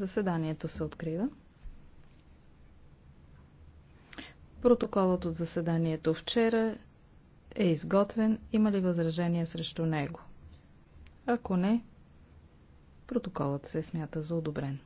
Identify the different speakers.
Speaker 1: Заседанието се открива. Протоколът от заседанието вчера е изготвен. Има ли възражение срещу него? Ако не,
Speaker 2: протоколът се
Speaker 3: смята за одобрен.